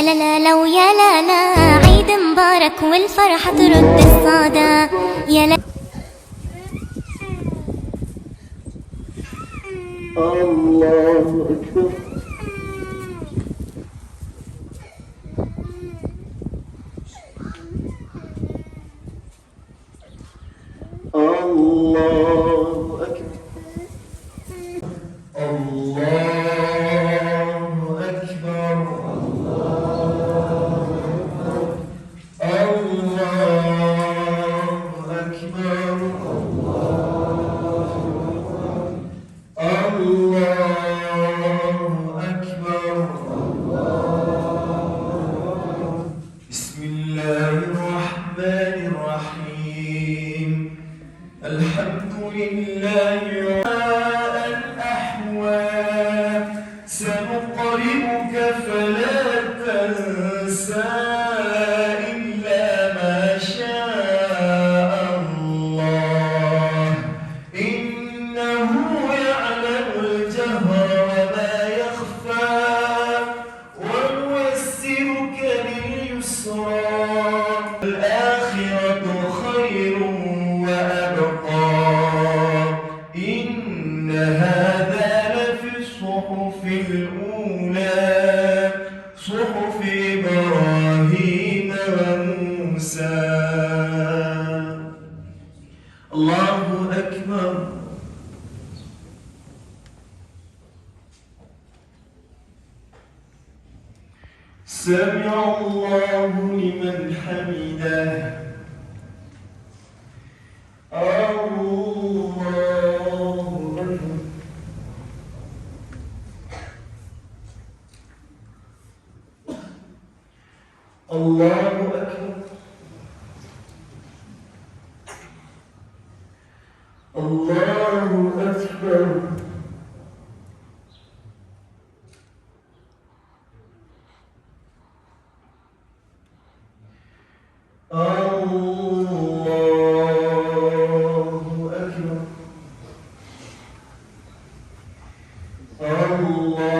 يا لنا لو يا لنا عيد مبارك والفرحة ترد الصدى يا لا الله أكبر الله أكبر الله الحمد لله أن أحوى سنقرئك فلا تنسى الأولى صحف إبراهيم وموسى الله أكبر سمع الله لمن حمده وأكبر الله أكبر الله أكبر الله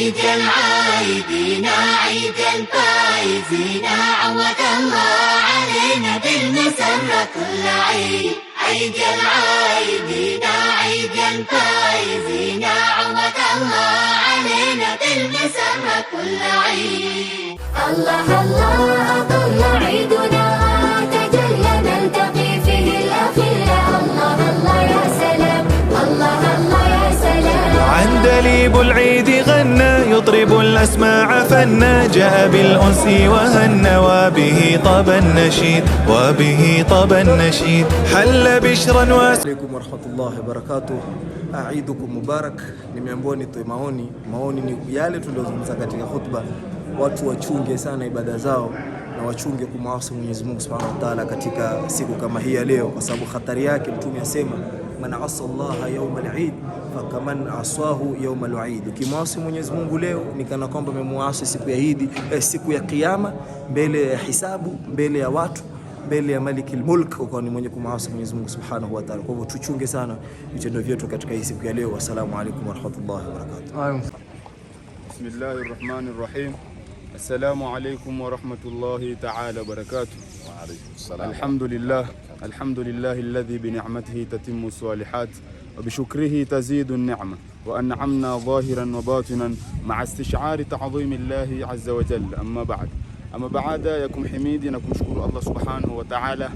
عيد العايدين عيد الفايزين عود الله علينا بالمسرة كل عيد عيد العايدين عيد الفايزين عود الله علينا بالمسرة كل عيد الله الله أطل عيدنا تجلى نلتقي فيه الأخلاء الله الله يا سلام الله الله يا سلام عندليب العيد الأسماع فنا جاء بالأنس وهن وبه طب النشيد وبه طب النشيد حل بشرا واس عليكم ورحمة الله وبركاته أعيدكم مبارك Nimeambiwa nitoe ماوني ماوني نيكيالي yale tuliyozungumza katika khutba. Watu wachunge sana ibada zao na wachunge kumwasi Mwenyezi Mungu Subhanahu wa Ta'ala katika siku kama hii ya leo, kwa sababu hatari yake, Mtume asema man asallaha yawm al-Eid fakaman asahu yauma al-eid, ukimwasi Mwenyezi Mungu leo ni kana kwamba umemwasi siku ya Idi, eh, siku ya Kiyama, mbele ya hisabu, mbele ya watu mbele ya Maliki al-Mulk, ukawa ni mwenye kumwasi Mwenyezi Mungu Subhanahu wa Ta'ala. Kwa hivyo tuchunge sana vitendo vyetu katika hii siku ya leo. Wassalamu alaykum wa rahmatullahi wa barakatuh. Bismillahir Rahmanir Rahim. Assalamu alaykum wa rahmatullahi ta'ala wa barakatuh. Alhamdulillah, alhamdulillah alladhi bi ni'matihi tatimmu salihat wa bi shukrihi tazidu an-ni'ma wa an'amna dhahiran wa batinan ma'a istish'ari ta'dhimi Allahi azza wa jalla. Amma ba'd, amma baada ya kumhimidi na kumshukuru Allah subhanahu wa ta'ala,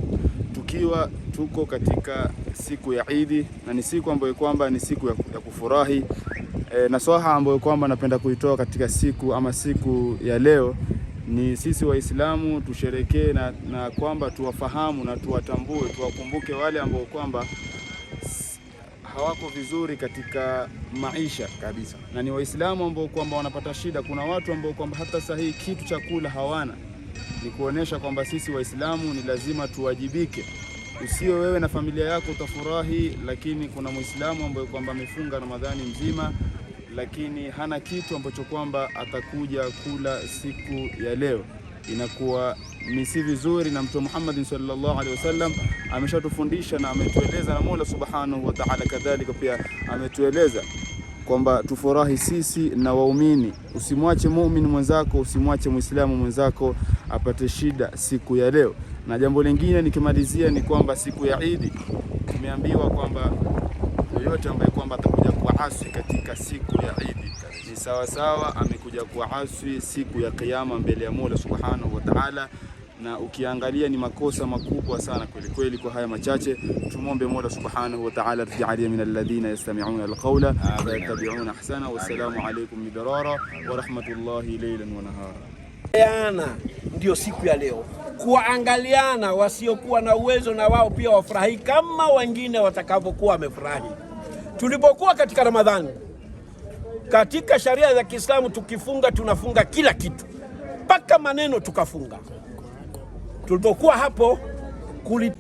tukiwa tuko katika siku ya Idi na ni siku ambayo kwamba ni siku ya kufurahi. E, eh, nasaha ambayo kwamba napenda kuitoa katika siku ama siku ya leo ni sisi Waislamu tusherekee na, na kwamba tuwafahamu na tuwatambue, tuwakumbuke wale ambao kwamba hawako vizuri katika maisha kabisa, na ni Waislamu ambao kwamba wanapata shida. Kuna watu ambao kwamba hata sahihi kitu cha kula hawana. Ni kuonesha kwamba sisi Waislamu ni lazima tuwajibike. Usio wewe na familia yako utafurahi, lakini kuna Muislamu ambaye kwamba amefunga Ramadhani mzima lakini hana kitu ambacho kwamba atakuja kula siku ya leo, inakuwa ni si vizuri. Na Mtume Muhammad sallallahu alaihi wasallam ameshatufundisha na ametueleza, na Mola subhanahu wa ta'ala kadhalika pia ametueleza kwamba tufurahi sisi na waumini. Usimwache muumini mwenzako, usimwache muislamu mwenzako apate shida siku ya leo. Na jambo lingine nikimalizia, ni kwamba siku ya Idi tumeambiwa kwamba yoyote ambaye kwamba atakuja kuwa haswi katika siku ya Idi ni sawasawa amekuja kuwa haswi siku ya Kiyama mbele ya Mola Subhanahu wa Ta'ala na ukiangalia ni makosa makubwa sana kweli kweli. Kwa haya machache, tumombe Mola subhanahu wa ta'ala tujalie min alladhina yastami'una alqawla wa yattabi'una ahsana. Wassalamu alaykum midarara wa rahmatullahi laylan wa nahara. Ndio siku ya leo kuangaliana, wasiokuwa na uwezo, na wao pia wafurahi kama wengine watakavyokuwa wamefurahi. Tulipokuwa katika Ramadhani, katika sharia za Kiislamu tukifunga tunafunga kila kitu, mpaka maneno tukafunga. Tulipokuwa hapo kuli